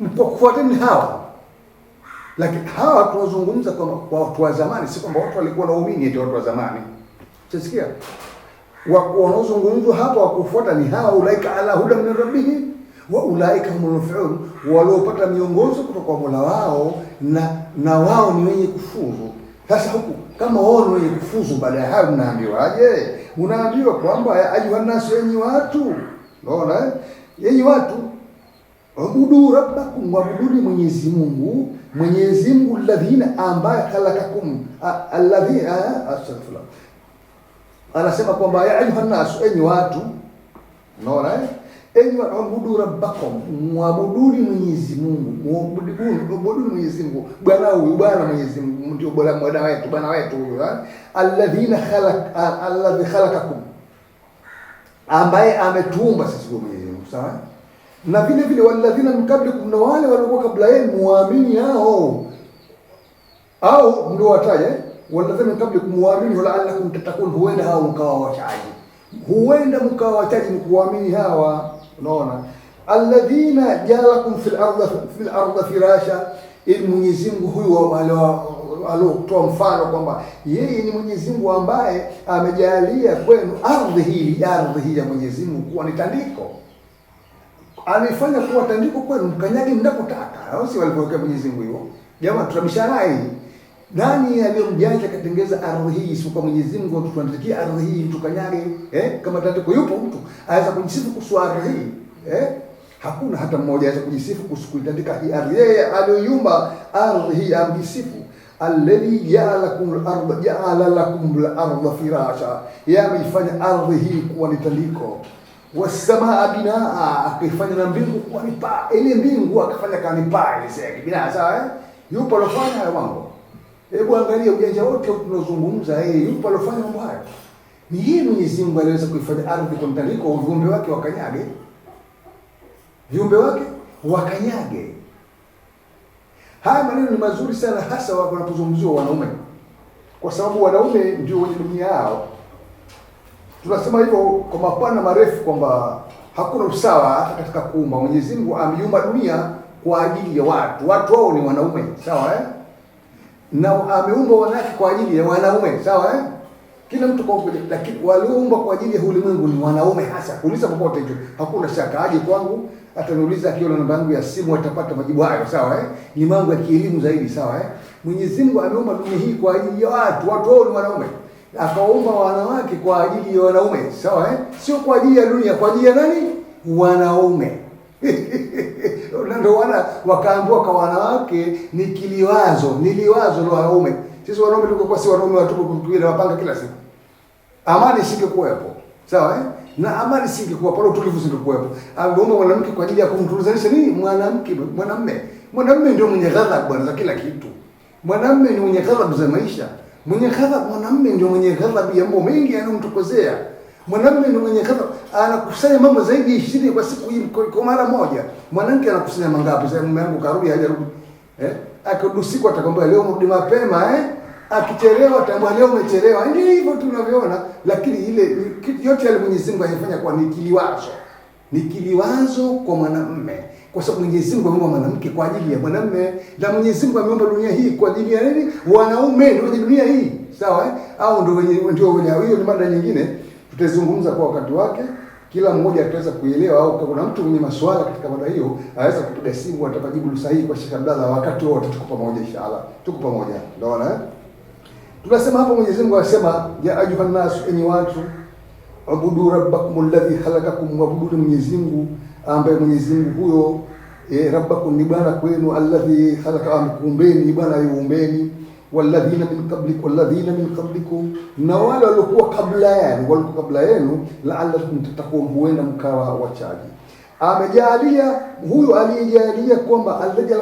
ni hawa. Lakini hawa tunazungumza kwa kwa watu wa zamani, si kwamba watu walikuwa naumini eti watu wa zamani. Utasikia wanaozungumzwa hapa wakufuata ni hawa, ulaika ala huda min rabbihim wa ulaika humul muflihun, waliopata miongozo kutoka kwa Mola wao na na wao ni wenye kufuzu. Sasa huku kama wao ni wenye kufuzu, baada ya hayo mnaambiwaje? Mnaambiwa kwamba ayuha nnasu, enyi watu, naona eh? enyi watu ubudu rabbakum, wabuduni Mwenyezi Mungu, Mwenyezi Mungu alladhina, ambaye khalakakum alladhi, astaghfirullah, anasema kwamba ya nasu, enyi watu. Unaona eh Enyi wabudu rabbakum, mwabuduni Mwenyezi Mungu, mwabuduni Mwenyezi Mungu. Bwana huyu bwana Mwenyezi Mungu ndio bwana bwana wetu bwana wetu huyu, eh? alladhina khalaq alladhi khalaqakum, ambaye ametuumba sisi kwa Mwenyezi Mungu, sawa na vile vile walladhina min qablikum, na wale waliokuwa kabla yenu muamini hao au ndio wataje walladhina min qablikum waamini, walaalakum tatakun, huenda hao mkawa wachaji, huenda mkawa wachaji kuamini hawa. Unaona, alladhina jalakum fil ardh fil ardh firasha, ili Mwenyezi Mungu huyu aliotoa mfano kwamba yeye ni Mwenyezi Mungu ambaye amejalia kwenu ardhi hii, ardhi hii ya Mwenyezi Mungu kuwa ni tandiko Amefanya kuwa tandiko kwenu mkanyage mnapotaka. Au si walipowekea Mwenyezi Mungu hiyo? Jamaa tutabishana hii. Nani aliyomjanja katengeza ardhi hii? Sio kwa Mwenyezi Mungu tutuandikia ardhi hii tukanyage, eh? Kama tandiko yupo mtu aweza kujisifu kuhusu ardhi hii, eh? Hakuna hata mmoja aweza kujisifu kuhusu kuitandika hii ardhi. Yeye aliyoiumba ardhi hii amjisifu alladhi ja'alakum al-ardha ja'ala lakum al-ardha firasha, yameifanya ardhi hii kuwa ni tandiko wasamaa binaa, akaifanya na mbingu kuwa ni paa. Ile mbingu akafanya kama ni paa ile sasa kibina sawa eh? Yupo alofanya hayo mambo. Hebu angalia ujanja wote tunazungumza, yeye eh, yupo alofanya mambo hayo. Ni yeye Mwenyezi Mungu aliweza kuifanya ardhi kwa mtaliko wa viumbe wake wakanyage. Viumbe wake wakanyage. Haya maneno ni mazuri sana hasa wanapozungumziwa wanaume. Kwa sababu wanaume ndio wenye dunia yao tunasema hivyo kwa mapana marefu kwamba hakuna usawa hata katika kuumba. Mwenyezi Mungu ameumba dunia kwa ajili ya watu, watu wao ni wanaume, sawa eh? na ameumba wanawake kwa ajili ya wanaume, sawa eh? Kila mtu kwa lakini walioumbwa kwa ajili ya ulimwengu ni wanaume hasa. Uliza popote hicho, hakuna shaka. Aje kwangu ataniuliza, akiona namba yangu ya simu atapata majibu hayo, sawa eh? Ni mambo ya kielimu zaidi, sawa eh? Mwenyezi Mungu ameumba dunia hii kwa ajili ya watu, watu wao ni wanaume akaumba wanawake kwa ajili ya wanaume, sawa eh? Sio kwa ajili ya dunia, kwa ajili ya nani? Wanaume. Ndio wana wakaambiwa kwa wanawake ni kiliwazo, ni liwazo la wanaume. Sisi wanaume tuko kwa si wanaume watupu kutuwira wapanga kila siku. Amani isingekuwepo. Sawa eh? Na amani isingekuwa pale utulivu usingekuwepo. Ameomba ah, mwanamke kwa ajili ya kumtulizanisha nini? Mwanamke, mwanamme. Mwanamme ndio mwenye ghadhabu bwana za kila kitu. Mwanamme ni mwenye ghadhabu za maisha. Mwenye ghadhabu, mwanamume ndio mwenye ghadhabu ya mambo mengi yanayomtokozea. Mwanamume ndio mwenye ghadhabu, anakusanya mambo zaidi ya 20 kwa siku hii kwa mara moja. Mwanamke anakusanya mangapi? Sasa mume wangu karudi hajarudi. Eh? Akirudi usiku atakwambia leo mrudi mapema eh? Akichelewa atakwambia leo umechelewa. Ndio hivyo tunavyoona, lakini ile yote yale Mwenyezi Mungu anayefanya kwa nikiliwazo. Nikiliwazo kwa mwanamume kwa sababu Mwenyezi Mungu ameumba mwanamke kwa ajili ya mwanamume, na Mwenyezi Mungu ameumba dunia hii kwa ajili ya nini? Wanaume ndio wenye dunia hii, sawa eh? Au ndio wenye ndio wenye. Hiyo ni mada nyingine tutazungumza kwa wakati wake, kila mmoja ataweza kuelewa, au kuna mtu mwenye maswala katika mada hiyo aweza kupiga simu, atapajibu sahihi kwa Sheikh Abdalla. Wakati wote tuko pamoja inshallah, tuko pamoja, unaona eh? Tunasema hapo Mwenyezi Mungu anasema ya ayuha nasu, enyi watu, ubudu rabbakum alladhi khalaqakum, wabudu Mwenyezi Mungu ambaye Mwenyezi Mungu huyo e, rabbakum ni bwana kwenu, alladhi khalaqa, kuumbeni bwana yuumbeni, walladhina min qablik walladhina min qablikum, na wale waliokuwa kabla yenu, walikuwa kabla yenu, la'allakum tattaqun, huenda mkawa wachaji. Amejalia huyo aliyejalia kwamba alladhi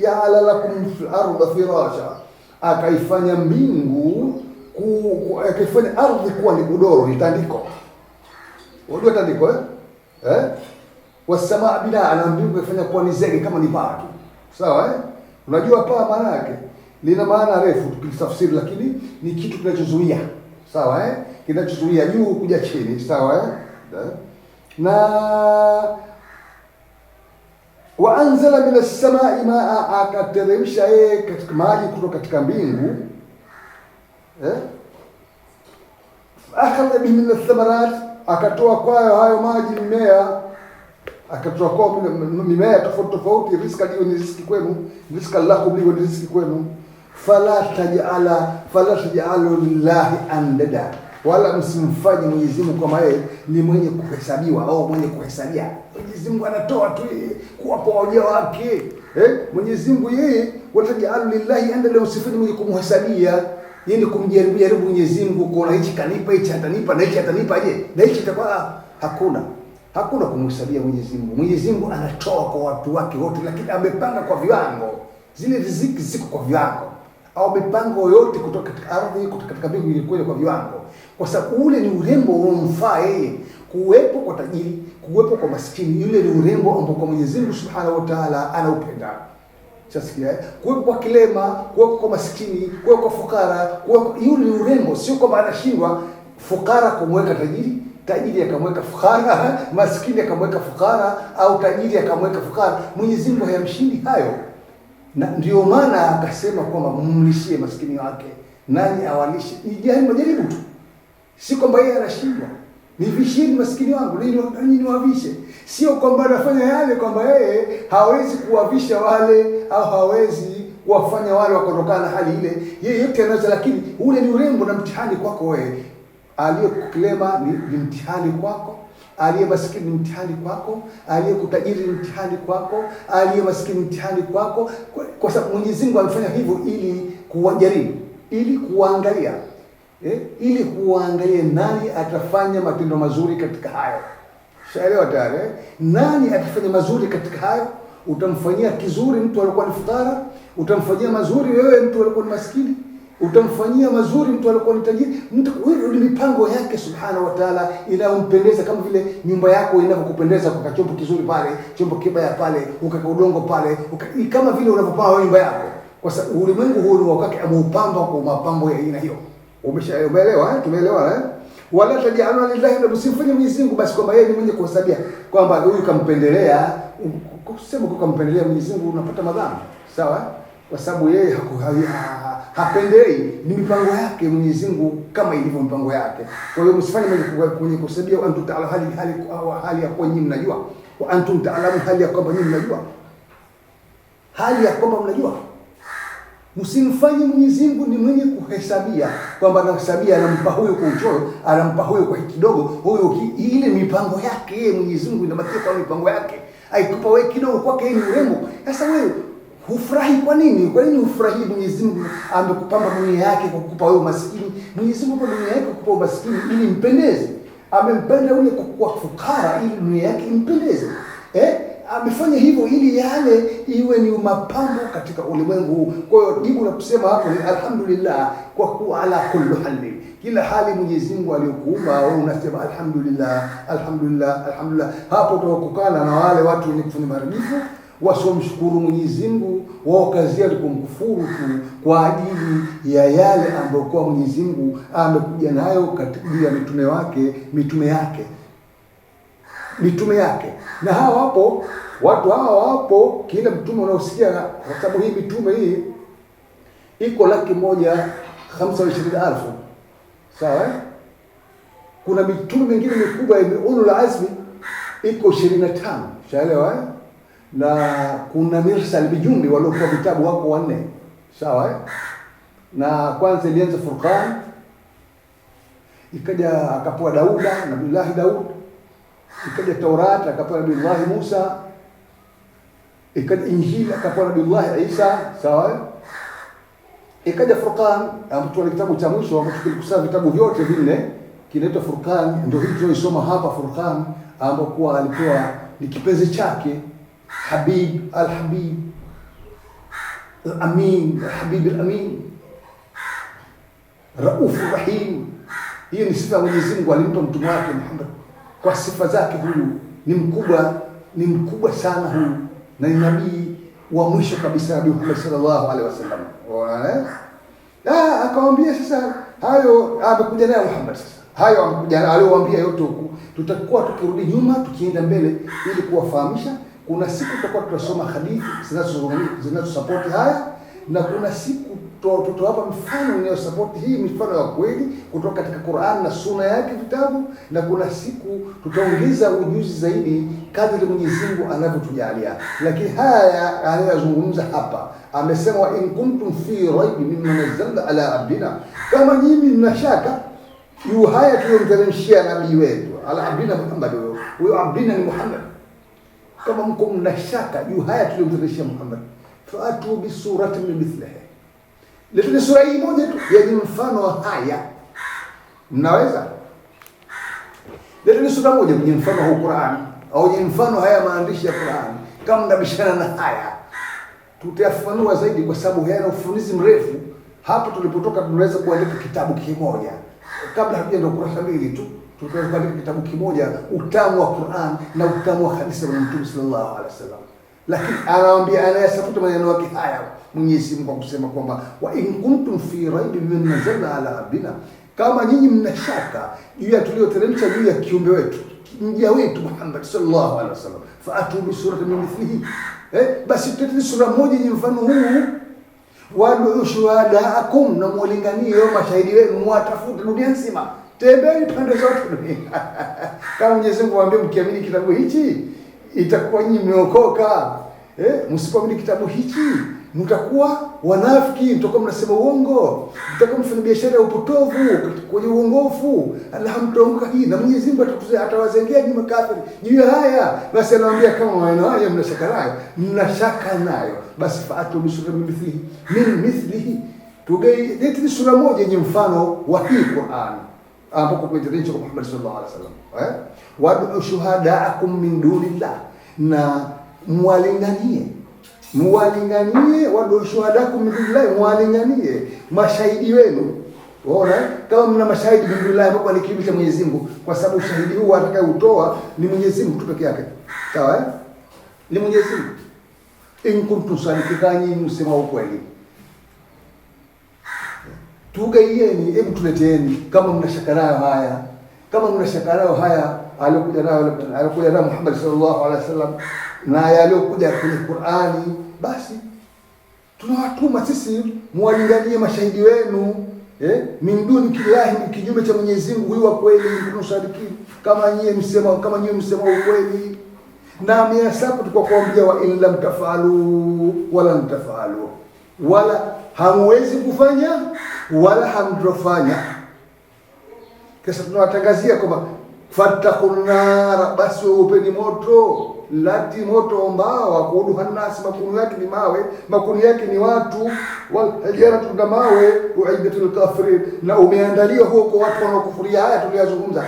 jaala lakum fil ardi firasha, akaifanya mbingu ku, akaifanya ardhi kuwa ni godoro, ni tandiko. Unajua tandiko eh? eh? wasamaa bila ana mbingu kufanya kuwa ni zege kama ni paa tu. Sawa eh? Unajua paa maana yake lina maana refu tukitafsiri, lakini ni kitu kinachozuia. Sawa eh? Kinachozuia juu kuja chini, sawa eh? Na wa anzala min as-samai maa, akateremsha yeye katika maji kutoka katika mbingu eh? Akhadha bihi min ath-thamarat, akatoa kwayo hayo maji mmea akatoa kwao mimea tofauti tofauti, riska hiyo ni riski kwenu, riska Allah kubliwa ni riski kwenu. Fala tajala fala tajalu lillahi andada, wala msimfanye Mwenyezi Mungu kama yeye ni mwenye kuhesabiwa au mwenye kuhesabia. Mwenyezi Mungu anatoa tu kuwapa waja wake. Eh, Mwenyezi Mungu yeye watajalu lillahi andada, usifanye mwenye kumhesabia yeye, ni kumjaribu jaribu Mwenyezi Mungu kuona hichi kanipa hichi atanipa na hichi atanipa je na hichi itakuwa ah, hakuna hakuna kumhesabia Mwenyezi Mungu. Mwenyezi Mungu anatoa kwa watu wake wote, lakini amepanga kwa viwango. Zile riziki ziko kwa viwango, au mipango yote kutoka katika ardhi, kutoka katika mbingu ilikuwa kwa viwango, kwa sababu ule ni urembo unaomfaa yeye. Kuwepo kwa tajiri, kuwepo kwa maskini, yule ni urembo ambao kwa Mwenyezi Mungu Subhanahu wa Ta'ala anaupenda. Sasa kuwepo kwa kilema, kuwepo kwa maskini, kuwepo kwa fukara, kuwepo yule ni urembo, sio kwamba anashindwa fukara kumweka tajiri tajiri akamweka fukara, maskini akamweka fukara, au tajiri akamweka fukara. Mwenyezi Mungu hayamshindi hayo, na ndio maana akasema kwamba mlishie maskini wake, nani awalishe. ijai majaribu tu, si kwamba yeye anashindwa. Nivisheni maskini wangu ninyi niwavishe, sio kwamba anafanya yale kwamba yeye hawezi kuwavisha wale au hawezi kuwafanya wale wakotokana na hali ile. Yeye yote anaweza, lakini ule ni urembo na mtihani kwako wewe Aliyekulema ni ni mtihani kwako, aliye maskini ni mtihani kwako, aliyekutajiri ni mtihani kwako, aliye maskini mtihani kwako, kwa kwa sababu Mwenyezi Mungu amefanya hivyo ili kuwajaribu, ili kuwaangalia eh, ili kuwaangalie nani atafanya matendo mazuri katika hayo. Shaelewa tayari eh? Nani atafanya mazuri katika hayo? Utamfanyia kizuri mtu aliyokuwa ni fukara, utamfanyia mazuri wewe mtu aliyokuwa ni maskini utamfanyia mazuri mtu alikuwa ni tajiri. Ni mipango yake subhanahu wa taala inayompendeza, kama vile nyumba yako inavyokupendeza, kwa chombo kizuri pale, chombo kibaya pale, ukaka udongo pale, uka, kama vile unavyopaa wewe nyumba yako, kwa sababu ulimwengu huu ni wakati ameupamba kwa mapambo ya aina hiyo. Umeshaelewa eh? Tumeelewa eh? Wala tajalna lillahi na msifanye Mwenyezi Mungu basi kwamba yeye ni mwenye kuhesabia kwamba huyu kampendelea, um, kusema kwa kampendelea Mwenyezi Mungu unapata madhara sawa eh? kwa sababu yeye hapendei, ni mipango yake Mwenyezi Mungu kama ilivyo mipango yake. Kwa hiyo msifanye kwa kwenye kusabia, antum taalamu hali hali hali ya kuwa nyinyi mnajua, wa antum taalamu hali ya kwamba nyinyi mnajua, hali ya kwamba mnajua. Msimfanye Mwenyezi Mungu ni mwenye kuhesabia, kwamba anahesabia, anampa huyo kwa uchoro, anampa huyo kwa kidogo, huyo ile mipango yake yeye Mwenyezi Mungu ndio inabakia kwa mipango yake, aikupa wewe kidogo, kwake ni urembo. Sasa wewe Hufurahi kwa nini? Kwa nini hufurahi? Mwenyezi Mungu amekupamba dunia yake kwa kukupa wewe maskini. Mwenyezi Mungu dunia yake kukupa maskini ili mpendeze. Amempenda yule kwa fukara ili dunia yake impendeze. Eh? Amefanya hivyo ili yale iwe ni mapambo katika ulimwengu huu. Kwa hiyo jibu la kusema hapo ni alhamdulillah, kwa kuwa ala kullu hali, kila hali Mwenyezi Mungu aliyokuumba wewe unasema alhamdulillah, alhamdulillah, alhamdulillah. Hapo utakokana na wale watu wenye kufanya maharibifu wasiomshukuru Mwenyezi Mungu wao kazi kumkufuru tu kwa ajili ya yale ambayo kwa Mwenyezi Mungu amekuja nayo katika mitume wake mitume yake mitume yake. Na hawa wapo watu hawa wapo, kila mtume unaosikia, kwa sababu hii mitume hii iko laki moja hamsa na ishirini elfu sawa. Eh? Kuna mitume mingine mikubwa ya ulul azmi iko ishirini na tano shaelewa eh? na kuna Mirsal Bijumbi waliokuwa vitabu wako wanne, sawa eh? na kwanza ilianza Furqan, ikaja akapewa Dauda, Nabillahi Daud, ikaja Taurat akapewa Nabillahi Musa, ikaja Injili akapewa Nabillahi Isa, sawa eh? ikaja Furqan ambacho ah, ni kitabu cha mwisho ambacho kilikusanya vitabu vyote vinne, kinaitwa Furqan. Ndio hii tunaisoma hapa, Furqan ambapo alikuwa ni kipenzi chake Habib al-Habib al-Amin al-Habib al-Amin Raufu Rahim. Hiyo ni sifa ya Mwenyezi Mungu alimpa mtume wake Muhammad. Kwa sifa zake, huyu ni mkubwa, ni mkubwa sana huyu, na ni nabii wa mwisho kabisa, Nabii Muhammad sallallahu alaihi wasallam. Unaona? Ah, akamwambia sasa hayo amekuja naye Muhammad sasa. Hayo amekuja aliyowaambia yote huku. Tutakuwa tukirudi nyuma tukienda mbele ili kuwafahamisha kuna siku tutakuwa tunasoma hadithi zinazosapoti haya, na kuna siku tutawapa mfano inayosapoti hii, mifano ya kweli kutoka katika Qur'an na sunna yake vitabu, na kuna siku tutaongeza ujuzi zaidi kadri Mwenyezi Mungu anavyotujalia. Lakini haya anayozungumza hapa, amesema wa in kuntum fi raibi mimma nazzalna ala abdina, kama nyinyi mnashaka yu haya tuliyomteremshia nabii wetu ala abdina Muhammad, huyo abdina ni Muhammad kama mko mna shaka juu haya tuliyomteremshia Muhammad, faatu bi surati min mithlihi, lakini sura hii moja tu yenye mfano wa haya. Mnaweza lakini sura moja yenye mfano wa Qur'an au yenye mfano haya maandishi ya Qur'an, kama mnabishana na haya tutayafanua zaidi, kwa sababu haya na ufunuzi mrefu. Hapo tulipotoka tunaweza kuandika kitabu kimoja kabla hatujaenda kurasa mbili tu tutaweka kitabu kimoja utamu wa Qur'an na utamu wa hadithi za Mtume sallallahu alaihi wasallam, lakini anawaambia anayasafuta maneno yake haya Mwenyezi Mungu akusema kwamba wa in kuntum fi raibin min nazala ala abina, kama nyinyi mna shaka juu ya tulioteremsha juu ya kiumbe wetu mja wetu Muhammad sallallahu alaihi wasallam, fa atu bi surati min mithlihi, eh, basi tuteteni sura moja yenye mfano huu wadu shuhadaakum, na yao mashahidi wenu, mwatafute dunia nzima tembei pande zote dunia. Kama Mwenyezi Mungu waambie mkiamini kitabu hichi itakuwa nyinyi mmeokoka. Eh, msipoamini kitabu hichi mtakuwa wanafiki, mtakuwa mnasema uongo, mtakuwa mfanya biashara ya upotovu, kwenye uongofu. Allah Alhamdulillah hii na Mwenyezi Mungu atawazengea nyuma kafiri. Juu haya basi anawaambia kama maneno haya mnashaka nayo, mnashaka nayo. Basi faatu bisura mithlihi. Min mithlihi. Tugei, leti sura moja yenye mfano wa hii Qur'ani ambapo kumeteremshwa kwa Muhammad sallallahu alaihi wasallam, eh wadu shuhadaakum min dunillah, na mwalinganie mwalinganie, wadu shuhadaakum min dunillah, mwalinganie mashahidi wenu. Waona kama mna mashahidi min dunillah, ambapo alikiibisha Mwenyezi Mungu, kwa sababu shahidi huu atakayeutoa ni Mwenyezi Mungu tu peke yake, sawa eh? Ni Mwenyezi Mungu. In kuntum sadiqina, nyinyi msema ukweli Tugaieni, hebu tuleteeni, kama mna shaka nayo haya, kama mna shaka nayo haya aliyokuja nayo aliyokuja nayo Muhammad sallallahu alaihi wasallam na yaliyokuja kwenye Qur'ani, basi tunawatuma sisi muwalinganie mashahidi wenu eh, min duni kilahi, kinyume cha Mwenyezi Mungu huyu wa kweli, tunashariki kama nyie msema kama nyie msema ukweli. Na miasabu saba kuambia wa in lam tafalu wala mtafalu wala hamwezi kufanya wala hamtofanya. Kisha tunawatangazia kwamba fattakunara, basi weupeni moto lati moto ambao wakuuduhanasi, makuni yake ni mawe, makuni yake ni watu waliaratu na mawe, uiddatul kafirin, na umeandaliwa huko watu wanaokufuria haya tuliyazungumza,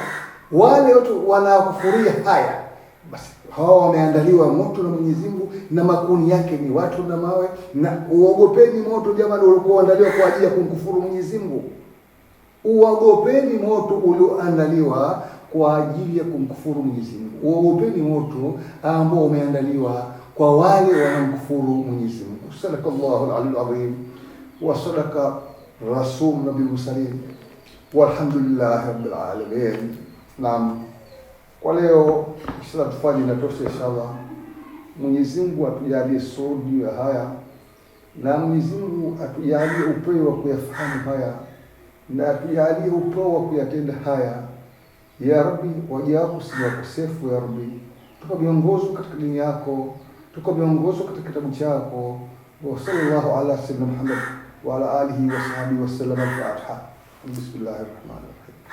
wale watu wanaokufuria haya basi hawa wameandaliwa moto na Mwenyezi Mungu, na makuni yake ni watu na mawe, na uogopeni moto jamani, uliokuwa uandaliwa kwa ajili ya kumkufuru Mwenyezi Mungu. Uogopeni moto ulioandaliwa kwa ajili ya kumkufuru Mwenyezi Mungu. Uogopeni moto ambao umeandaliwa kwa wale wanamkufuru Mwenyezi Mungu. Sadakallahu al-alim wa sadaka rasul nabi mursalin walhamdulillahi rabbil alamin. Naam. Kwa leo sasa tufanye na inatosha, inshallah. Mwenyezi Mungu atujalie somo juu ya haya, na Mwenyezi Mungu atujalie upeo wa kuyafahamu haya, na atujalie upeo wa kuyatenda haya. Ya Rabbi, waja wako si wakosefu. Ya Rabbi, tuko viongozi katika dini yako, tuko viongozi katika kitabu chako. Wa sallallahu ala sayyidina Muhammad wa ala alihi wa sahbihi wa sallam. Al-Fatiha. Bismillahir rahmanir rahim.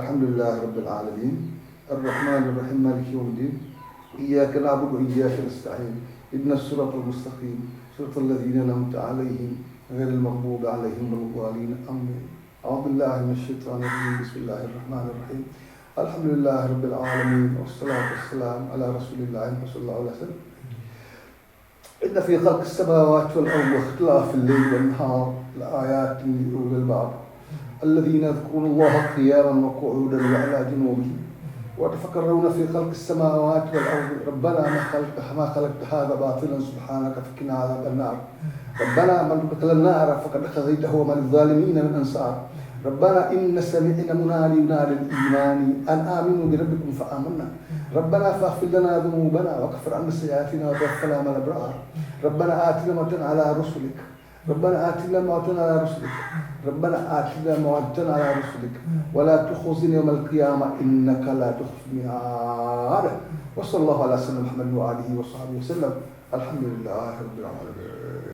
Alhamdulillahi rabbil alamin الرحمن الرحيم مالك يوم الدين إياك نعبد وإياك نستعين إن الصراط المستقيم صراط الذين أنعمت عليهم غير المغضوب عليهم ولا الضالين آمين أعوذ بالله من الشيطان الرجيم بسم الله الرحمن الرحيم الحمد لله رب العالمين والصلاة والسلام على رسول الله صلى الله عليه وسلم إن في خلق السماوات والأرض واختلاف الليل والنهار لآيات لأولي البعض الذين يذكرون الله قياما وقعودا وعلى جنوبهم وتفكرون في خلق السماوات والأرض ربنا ما خلقت ما خلقت هذا باطلا سبحانك فكنا عذاب النار ربنا من قتل النار فقد خزيته ومن الظالمين من أنصار ربنا إن سمعنا منادي ينادي الإيمان أن آمنوا بربكم فآمنا ربنا فاغفر لنا ذنوبنا وكفر عنا سيئاتنا وتوفنا مع الأبرار ربنا آتنا متنا على رسلك ربنا آتنا ما أعطينا على رسلك ربنا آتنا ما أعطينا على رسلك ولا تخزني يوم القيامة إنك لا تخزي الميعاد وصلى الله على سيدنا محمد وآله وصحبه وسلم الحمد لله رب العالمين